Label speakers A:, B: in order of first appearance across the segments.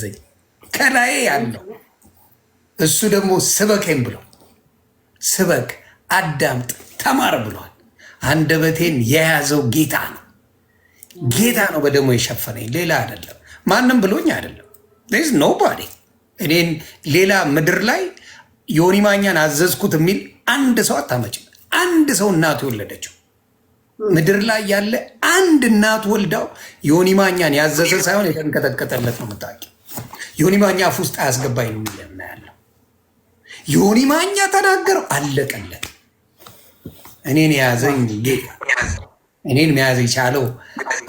A: ያዘኝ ከላዬ ያለው እሱ ደግሞ ስበከኝ ብሎ ስበክ፣ አዳምጥ፣ ተማር ብሏል። አንደበቴን የያዘው ጌታ ነው። ጌታ ነው በደሞ የሸፈነኝ ሌላ አይደለም። ማንም ብሎኝ አይደለም። ዝ ኖባዲ እኔን ሌላ ምድር ላይ ዮኒ ማኛን አዘዝኩት የሚል አንድ ሰው አታመጭ። አንድ ሰው እናቱ የወለደችው ምድር ላይ ያለ አንድ እናቱ ወልዳው ዮኒ ማኛን ያዘዘ ሳይሆን የተንቀጠቀጠለት ነው የምታውቂው ዮኒ ማኛ አፍ ውስጥ አያስገባኝ ነው የሚለው ያለው። ዮኒ ማኛ ተናገረው፣ አለቀለት። እኔን የያዘኝ ጌታ፣ እኔን መያዝ የቻለው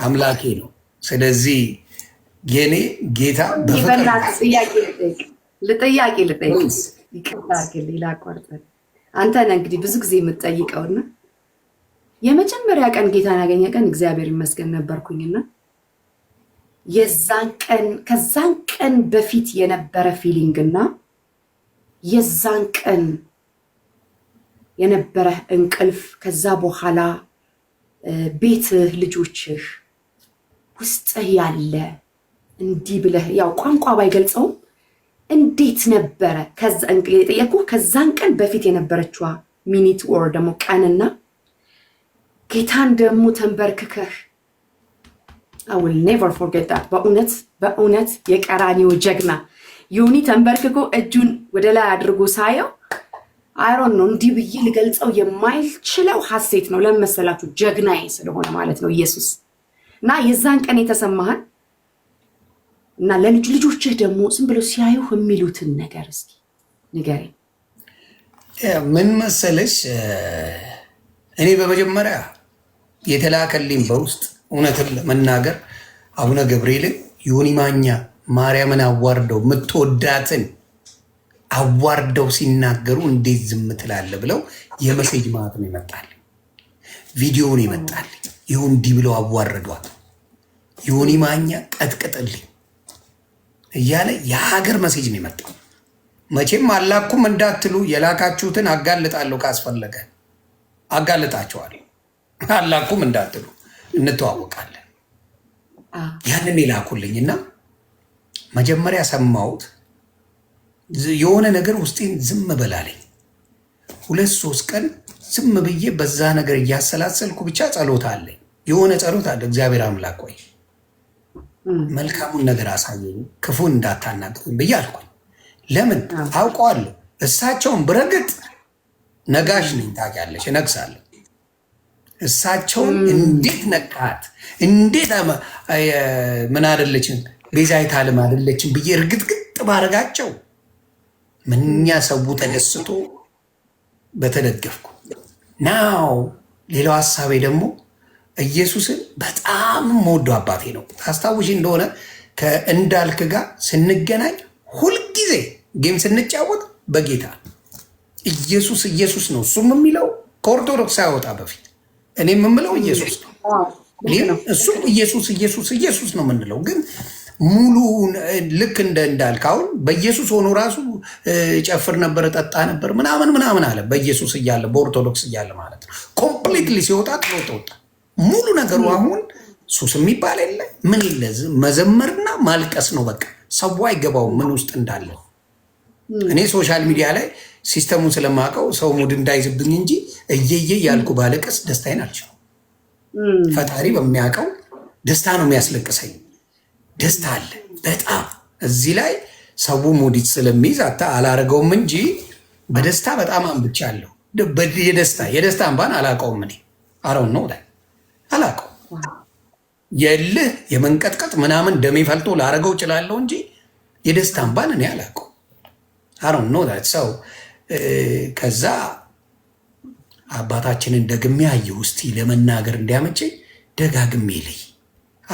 A: አምላኬ ነው። ስለዚህ የኔ ጌታ
B: ልጠያቄ ልጠይቅ ይላቋርጠል። አንተ ነህ እንግዲህ ብዙ ጊዜ የምትጠይቀውና የመጀመሪያ ቀን ጌታን ያገኘ ቀን እግዚአብሔር ይመስገን ነበርኩኝና የዛን ቀን ከዛን ቀን በፊት የነበረ ፊሊንግ እና የዛን ቀን የነበረ እንቅልፍ ከዛ በኋላ ቤትህ፣ ልጆችህ፣ ውስጥህ ያለ እንዲህ ብለህ ያው ቋንቋ ባይገልጸውም እንዴት ነበረ የጠየኩህ ከዛን ቀን በፊት የነበረችዋ ሚኒት ወር ደግሞ ቀንና ጌታን ደግሞ ተንበርክከህ አይ ዊል ኔቨር ፎርጌት ዳት። በእውነት በእውነት የቀራኒዮ ጀግና ዮኒ ተንበርክኮ እጁን ወደ ላይ አድርጎ ሳየው አይሮን ነው እንዲህ ብዬ ልገልጸው የማይችለው ሀሴት ነው። ለምን መሰላችሁ? ጀግናዬ ስለሆነ ማለት ነው ኢየሱስ እና የዛን ቀን የተሰማህን እና ለልጅ ልጆችህ ደግሞ ዝም ብለው ሲያዩህ የሚሉትን ነገር እስኪ ንገረኝ።
A: ምን መሰለሽ እኔ በመጀመሪያ የተላከልኝ በውስጥ እውነትን ለመናገር አቡነ ገብርኤልን ዮኒ ማኛ ማርያምን አዋርደው የምትወዳትን አዋርደው ሲናገሩ እንዴት ዝም ትላለህ ብለው የመሴጅ ማህተም ይመጣል፣ ቪዲዮን ይመጣል። ይሁን እንዲህ ብለው አዋረዷት፣ ዮኒ ማኛ ቀጥቅጥልኝ እያለ የሀገር መሴጅ ነው የመጣው። መቼም አላኩም እንዳትሉ የላካችሁትን አጋልጣለሁ፣ ካስፈለገ አጋልጣቸዋለሁ። አላኩም እንዳትሉ እንተዋወቃለን። ያንን የላኩልኝና መጀመሪያ ሰማሁት። የሆነ ነገር ውስጤን ዝም በላለኝ። ሁለት ሶስት ቀን ዝም ብዬ በዛ ነገር እያሰላሰልኩ ብቻ ጸሎት አለኝ። የሆነ ጸሎት አለ። እግዚአብሔር አምላክ ወይ መልካሙን ነገር አሳየኝ፣ ክፉን እንዳታናግረኝ ብዬ አልኩኝ። ለምን አውቀዋለሁ፣ እሳቸውን ብረግጥ ነጋሽ ነኝ ታውቂያለሽ፣ እነግሳለሁ እሳቸውን እንዴት ነቃት፣ እንዴት ምን አደለችን ቤዛ አይታልም አደለችን ብዬ እርግጥግጥ ባረጋቸው ምንኛ ሰው ተደስቶ በተደገፍኩ ናው። ሌላው ሀሳቤ ደግሞ ኢየሱስን በጣም መወዱ አባቴ ነው። ታስታውሽ እንደሆነ ከእንዳልክ ጋር ስንገናኝ ሁልጊዜ ጌም ስንጫወት በጌታ ኢየሱስ ኢየሱስ ነው እሱም የሚለው ከኦርቶዶክስ አይወጣ በፊት እኔ የምምለው ኢየሱስ ነው። እሱ ኢየሱስ ኢየሱስ ኢየሱስ ነው የምንለው ግን ሙሉ ልክ እንደ እንዳልክ አሁን በኢየሱስ ሆኖ ራሱ ጨፍር ነበር፣ ጠጣ ነበር ምናምን ምናምን አለ። በኢየሱስ እያለ በኦርቶዶክስ እያለ ማለት ነው። ኮምፕሊትሊ ሲወጣ ጥሎት ወጣ ሙሉ ነገሩ አሁን ሱስ የሚባል የለ ምን የለ መዘመርና ማልቀስ ነው። በቃ ሰው አይገባው ምን ውስጥ እንዳለ። እኔ ሶሻል ሚዲያ ላይ ሲስተሙን ስለማውቀው ሰው ሙድ እንዳይዝብኝ እንጂ እየየ ያልኩ ባለቀስ ደስታዬን አልችልም። ፈጣሪ በሚያውቀው ደስታ ነው የሚያስለቅሰኝ። ደስታ አለ በጣም እዚህ ላይ ሰው ሙድ ስለሚይዝ አታ አላረገውም እንጂ በደስታ በጣም አንብቻለሁ። የደስታ የደስታ እንባን አላውቀውም እኔ አረው ነው ላይ አላውቀው የልህ የመንቀጥቀጥ ምናምን ደሜ ፈልቶ ላረገው እችላለሁ እንጂ የደስታ እንባን እኔ አላውቀው አረው ነው ሰው ከዛ አባታችንን ደግሜ አየሁ። እስቲ ለመናገር እንዲያመቸኝ ደጋግሜ ልይ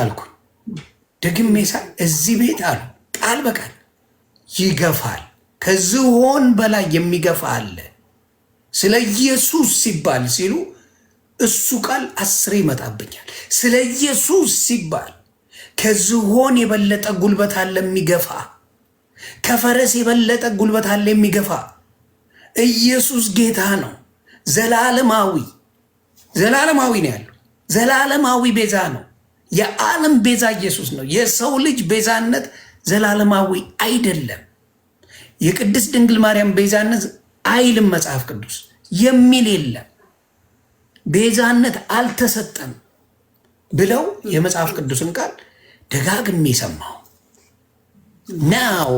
A: አልኩኝ። ደግሜ ሳ እዚህ ቤት አሉ ቃል በቃል ይገፋል። ከዝሆን በላይ የሚገፋ አለ። ስለ ኢየሱስ ሲባል ሲሉ እሱ ቃል አስሬ ይመጣብኛል። ስለ ኢየሱስ ሲባል ከዝሆን የበለጠ ጉልበት አለ የሚገፋ፣ ከፈረስ የበለጠ ጉልበት አለ የሚገፋ ኢየሱስ ጌታ ነው። ዘላለማዊ ዘላለማዊ ነው ያለው። ዘላለማዊ ቤዛ ነው። የዓለም ቤዛ ኢየሱስ ነው። የሰው ልጅ ቤዛነት ዘላለማዊ አይደለም። የቅድስት ድንግል ማርያም ቤዛነት አይልም መጽሐፍ ቅዱስ የሚል የለም። ቤዛነት አልተሰጠም ብለው የመጽሐፍ ቅዱስን ቃል ደጋግሜ ሰማሁ። ናው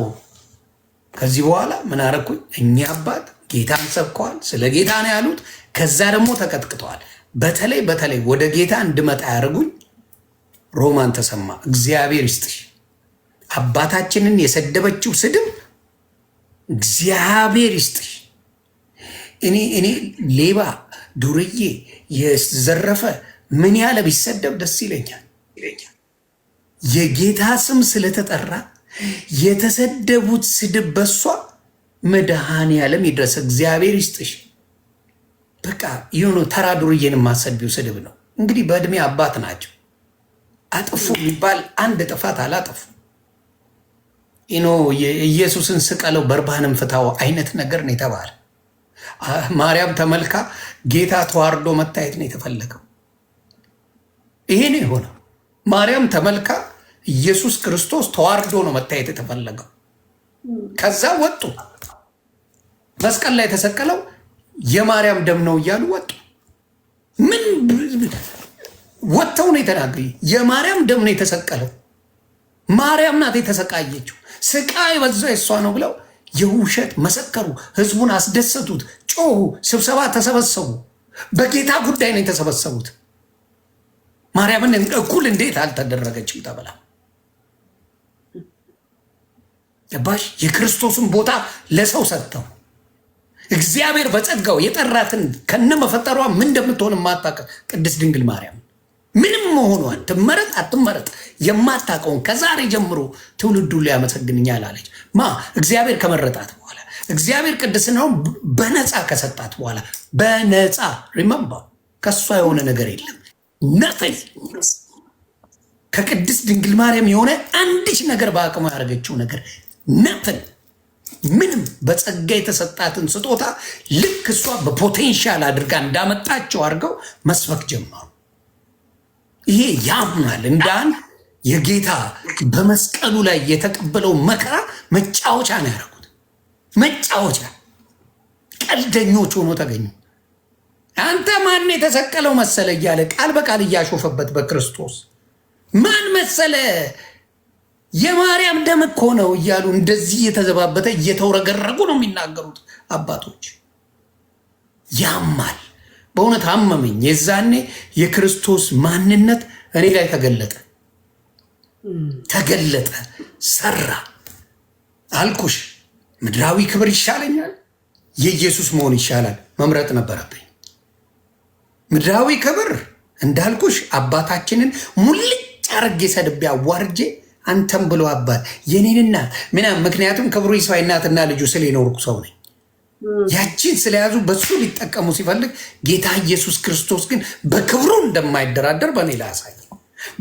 A: ከዚህ በኋላ ምን አረኩኝ እኛ አባት ጌታን ሰብከዋል። ስለ ጌታ ነው ያሉት። ከዛ ደግሞ ተቀጥቅጠዋል። በተለይ በተለይ ወደ ጌታ እንድመጣ ያደርጉኝ ሮማን ተሰማ እግዚአብሔር ይስጥሽ። አባታችንን የሰደበችው ስድብ እግዚአብሔር ይስጥሽ። እኔ እኔ ሌባ ዱርዬ የዘረፈ ምን ያለ ቢሰደብ ደስ ይለኛል። የጌታ ስም ስለተጠራ የተሰደቡት ስድብ በሷ መድሃን ዓለም ይድረስ። እግዚአብሔር ይስጥሽ። በቃ የሆነ ተራ ዱርዬን የማሰድቢው ስድብ ነው። እንግዲህ በእድሜ አባት ናቸው። አጥፉ የሚባል አንድ ጥፋት አላጠፉ ኖ ኢየሱስን ስቀለው በርባንም ፍታው አይነት ነገር ነው የተባለ። ማርያም ተመልካ ጌታ ተዋርዶ መታየት ነው የተፈለገው። ይሄ ነው የሆነው። ማርያም ተመልካ ኢየሱስ ክርስቶስ ተዋርዶ ነው መታየት የተፈለገው። ከዛ ወጡ። መስቀል ላይ የተሰቀለው የማርያም ደም ነው እያሉ ወጡ። ምን ወጥተው ነው የተናገሩ? የማርያም ደም ነው የተሰቀለው፣ ማርያም ናት የተሰቃየችው፣ ስቃይ በዛ የእሷ ነው ብለው የውሸት መሰከሩ። ህዝቡን አስደሰቱት፣ ጮሁ፣ ስብሰባ ተሰበሰቡ። በጌታ ጉዳይ ነው የተሰበሰቡት። ማርያምን እኩል እንዴት አልተደረገችም ተብላ ገባሽ? የክርስቶስን ቦታ ለሰው ሰጥተው እግዚአብሔር በጸጋው የጠራትን ከነመፈጠሯ ምን እንደምትሆን የማታውቅ ቅድስት ድንግል ማርያም ምንም መሆኗን ትመረጥ አትመረጥ የማታውቀውን ከዛሬ ጀምሮ ትውልዱ ሊያመሰግንኛል አለች። ማ እግዚአብሔር ከመረጣት በኋላ እግዚአብሔር ቅድስናውን በነፃ ከሰጣት በኋላ በነፃ ሪመምበር ከእሷ የሆነ ነገር የለም ነፍኝ ከቅድስት ድንግል ማርያም የሆነ አንድች ነገር በአቅሙ ያደረገችው ነገር ነፍን ምንም በጸጋ የተሰጣትን ስጦታ ልክ እሷ በፖቴንሻል አድርጋ እንዳመጣቸው አድርገው መስበክ ጀመሩ። ይሄ ያምናል እንዳን የጌታ በመስቀሉ ላይ የተቀበለው መከራ መጫወቻ ነው ያደረጉት። መጫወቻ ቀልደኞች ሆኖ ተገኙ። አንተ ማን የተሰቀለው መሰለ እያለ ቃል በቃል እያሾፈበት በክርስቶስ ማን መሰለ የማርያም ደም እኮ ነው እያሉ እንደዚህ እየተዘባበተ እየተውረገረጉ ነው የሚናገሩት አባቶች። ያማል። በእውነት አመመኝ። የዛኔ የክርስቶስ ማንነት እኔ ላይ ተገለጠ ተገለጠ፣ ሰራ። አልኩሽ ምድራዊ ክብር ይሻለኛል፣ የኢየሱስ መሆን ይሻላል። መምረጥ ነበረብኝ። ምድራዊ ክብር እንዳልኩሽ አባታችንን ሙልጭ አርጌ ሰድቤ አዋርጄ አንተም ብሎ አባት የኔን እናት ምናምን። ምክንያቱም ክብሩ ይስፋ እናትና ልጁ ስለ የኖርኩ ሰው ነኝ። ያቺን ስለያዙ በሱ ሊጠቀሙ ሲፈልግ ጌታ ኢየሱስ ክርስቶስ ግን በክብሩ እንደማይደራደር በእኔ ላይ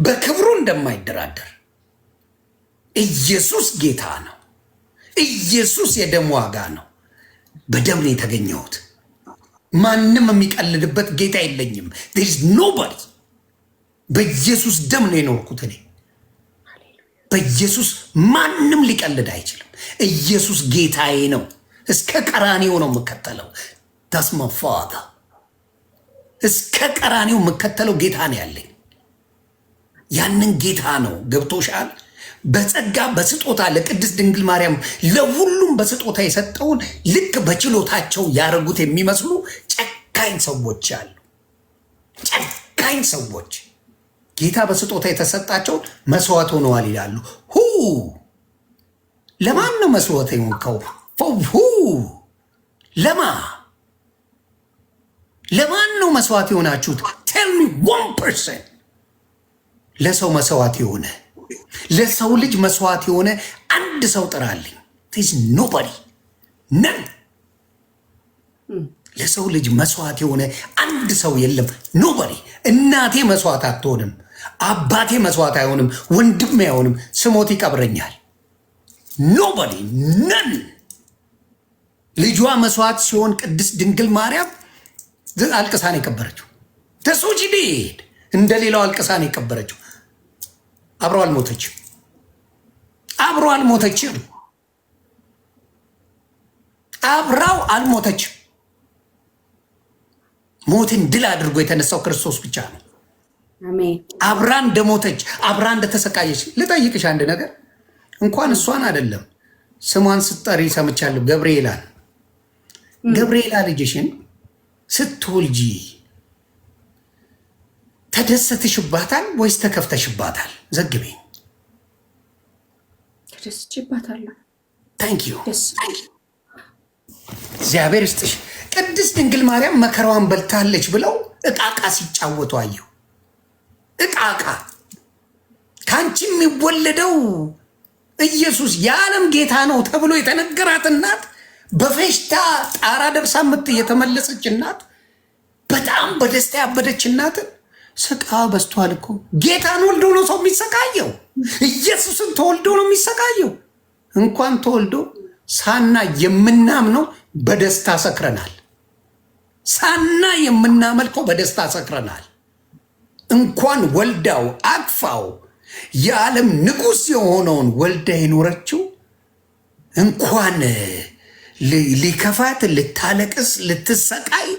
A: በክብሩ እንደማይደራደር ኢየሱስ ጌታ ነው። ኢየሱስ የደም ዋጋ ነው። በደም ነው የተገኘሁት። ማንም የሚቀልድበት ጌታ የለኝም። ኖባዲ በኢየሱስ ደም ነው የኖርኩት እኔ በኢየሱስ ማንም ሊቀልድ አይችልም። ኢየሱስ ጌታዬ ነው። እስከ ቀራኔው ነው የምከተለው። ዳስማ እስከ ቀራኔው የምከተለው ጌታ ነው ያለኝ። ያንን ጌታ ነው ገብቶሻል። በጸጋ በስጦታ ለቅድስት ድንግል ማርያም ለሁሉም በስጦታ የሰጠውን ልክ በችሎታቸው ያደረጉት የሚመስሉ ጨካኝ ሰዎች አሉ። ጨካኝ ሰዎች ጌታ በስጦታ የተሰጣቸው መስዋዕት ሆነዋል ይላሉ። ሁ ለማን ነው መስዋዕት የሆንከው? ሁ ለማ ለማን ነው መስዋዕት የሆናችሁት? ቴል ሚ ዋን ፐርሰን ለሰው መስዋዕት የሆነ ለሰው ልጅ መስዋዕት የሆነ አንድ ሰው ጥራልኝ። ኖባዲ ነን ለሰው ልጅ መስዋዕት የሆነ አንድ ሰው የለም። ኖበሪ እናቴ መስዋዕት አትሆንም፣ አባቴ መስዋዕት አይሆንም፣ ወንድም አይሆንም። ስሞት ይቀብረኛል። ኖበሪ ነን ልጇ መስዋዕት ሲሆን ቅድስት ድንግል ማርያም አልቅሳን የቀበረችው ተሶች ሄድ እንደ ሌላው አልቅሳን የቀበረችው አብሮ አልሞተች አብሮ አልሞተችም። አብራው አልሞተችም። ሞትን ድል አድርጎ የተነሳው ክርስቶስ ብቻ ነው። አብራ እንደሞተች አብራ እንደተሰቃየች ልጠይቅሽ አንድ ነገር እንኳን እሷን አይደለም ስሟን ስጠሪ ሰምቻለሁ። ገብርኤላን ገብርኤላ ልጅሽን ስትወልጂ ተደሰትሽባታል ወይስ ተከፍተሽባታል? ዘግቤኝ።
B: ተደስችባታለሁ።
A: ታንኪዩ እግዚአብሔር ይስጥሽ። ቅድስት ድንግል ማርያም መከራዋን በልታለች ብለው እቃቃ ሲጫወቱ አየሁ። እቃቃ ከአንቺ የሚወለደው ኢየሱስ የዓለም ጌታ ነው ተብሎ የተነገራት እናት በፌሽታ ጣራ ደብሳ ምት የተመለሰች እናት በጣም በደስታ ያበደች እናትን ስቃ በስቷል እኮ ጌታን ወልዶ ነው ሰው የሚሰቃየው። ኢየሱስን ተወልዶ ነው የሚሰቃየው። እንኳን ተወልዶ ሳና የምናምነው በደስታ ሰክረናል። ሳና የምናመልከው በደስታ ሰክረናል። እንኳን ወልዳው አቅፋው የዓለም ንጉሥ የሆነውን ወልዳ የኖረችው እንኳን ሊከፋት ልታለቅስ ልትሰቃይ